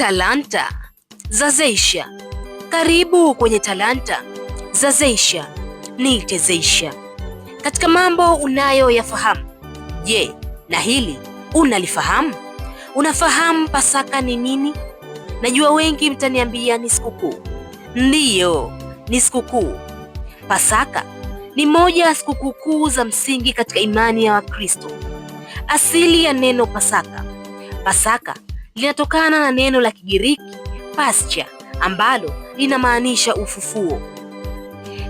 Talanta za Zeysha. Karibu kwenye Talanta za Zeysha, niite Zeysha. Katika mambo unayoyafahamu, je, na hili unalifahamu? Unafahamu Pasaka ni nini? Najua wengi mtaniambia ni sikukuu. Ndiyo, ni sikukuu. Pasaka ni moja ya sikukuu kuu za msingi katika imani ya Wakristo. Asili ya neno Pasaka. Pasaka linatokana na neno la Kigiriki pascha ambalo linamaanisha ufufuo.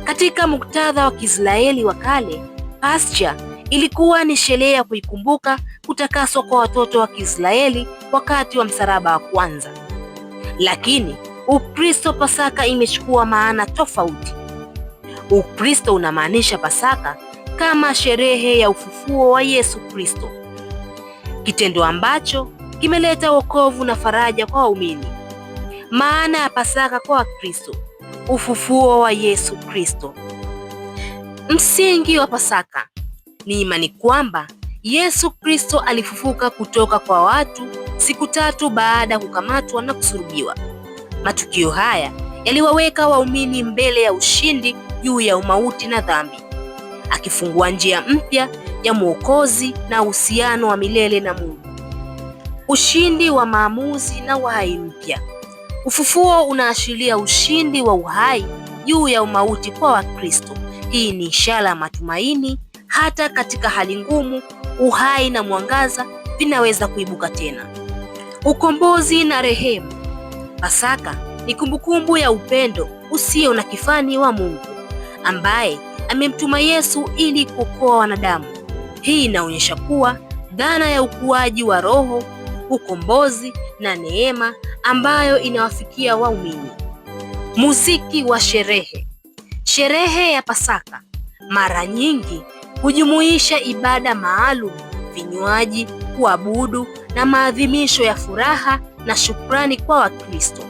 Katika muktadha wa Kiisraeli wa kale, pascha ilikuwa ni sherehe ya kuikumbuka kutakaswa kwa watoto wa Kiisraeli wakati wa msalaba wa kwanza. Lakini Ukristo Pasaka imechukua maana tofauti. Ukristo unamaanisha Pasaka kama sherehe ya ufufuo wa Yesu Kristo, kitendo ambacho kimeleta wokovu na faraja kwa waumini. Maana ya Pasaka kwa Wakristo: ufufuo wa Yesu Kristo. Msingi wa Pasaka ni imani kwamba Yesu Kristo alifufuka kutoka kwa watu siku tatu baada ya kukamatwa na kusulubiwa. Matukio haya yaliwaweka waumini mbele ya ushindi juu ya umauti na dhambi, akifungua njia mpya ya Mwokozi na uhusiano wa milele na Mungu ushindi wa maamuzi na uhai mpya. Ufufuo unaashiria ushindi wa uhai juu ya umauti kwa Wakristo. Hii ni ishara ya matumaini. Hata katika hali ngumu, uhai na mwangaza vinaweza kuibuka tena. Ukombozi na rehema. Pasaka ni kumbukumbu ya upendo usio na kifani wa Mungu ambaye amemtuma Yesu ili kuokoa wanadamu. Hii inaonyesha kuwa dhana ya ukuaji wa roho ukombozi na neema ambayo inawafikia waumini. Muziki wa sherehe. Sherehe ya Pasaka mara nyingi hujumuisha ibada maalum, vinywaji, kuabudu na maadhimisho ya furaha na shukrani kwa Wakristo.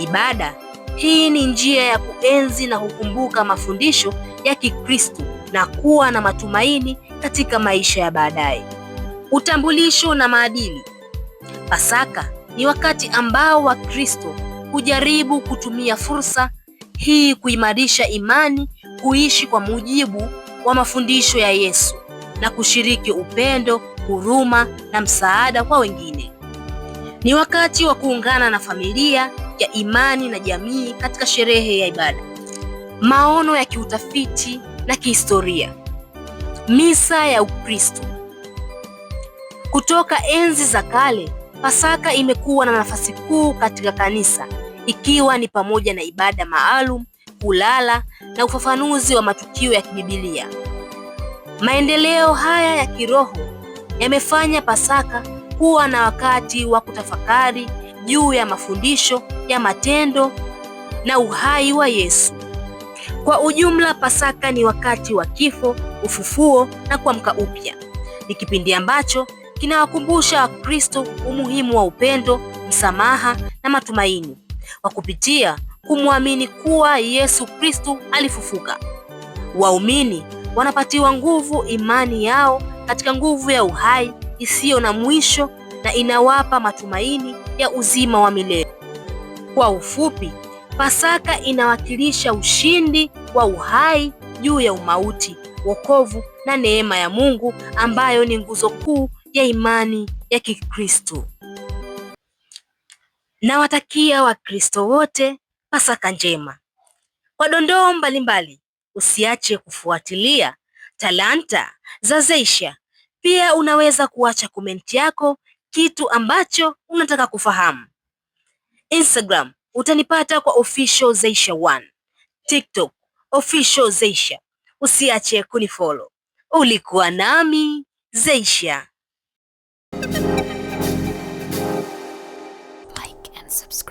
Ibada hii ni njia ya kuenzi na kukumbuka mafundisho ya Kikristo na kuwa na matumaini katika maisha ya baadaye. Utambulisho na maadili. Pasaka ni wakati ambao Wakristo hujaribu kutumia fursa hii kuimarisha imani, kuishi kwa mujibu wa mafundisho ya Yesu na kushiriki upendo, huruma na msaada kwa wengine. Ni wakati wa kuungana na familia ya imani na jamii katika sherehe ya ibada. Maono ya kiutafiti na kihistoria. Misa ya Ukristo. Kutoka enzi za kale Pasaka imekuwa na nafasi kuu katika kanisa, ikiwa ni pamoja na ibada maalum, kulala na ufafanuzi wa matukio ya kibibilia. Maendeleo haya ya kiroho yamefanya Pasaka kuwa na wakati wa kutafakari juu ya mafundisho ya matendo na uhai wa Yesu. Kwa ujumla, Pasaka ni wakati wa kifo, ufufuo na kuamka upya. Ni kipindi ambacho kinawakumbusha Wakristo umuhimu wa upendo, msamaha na matumaini kwa kupitia kumwamini kuwa Yesu Kristo alifufuka. Waumini wanapatiwa nguvu imani yao katika nguvu ya uhai isiyo na mwisho na inawapa matumaini ya uzima wa milele. Kwa ufupi, Pasaka inawakilisha ushindi wa uhai juu ya umauti, wokovu na neema ya Mungu ambayo ni nguzo kuu ya imani ya Kikristo. Nawatakia Wakristo wote Pasaka njema. Kwa dondoo mbalimbali, usiache kufuatilia Talanta za Zeysha. Pia unaweza kuacha komenti yako, kitu ambacho unataka kufahamu. Instagram utanipata kwa official Zeysha 1, TikTok official Zeysha. Usiache kunifollow. Ulikuwa nami Zeysha. subscribe.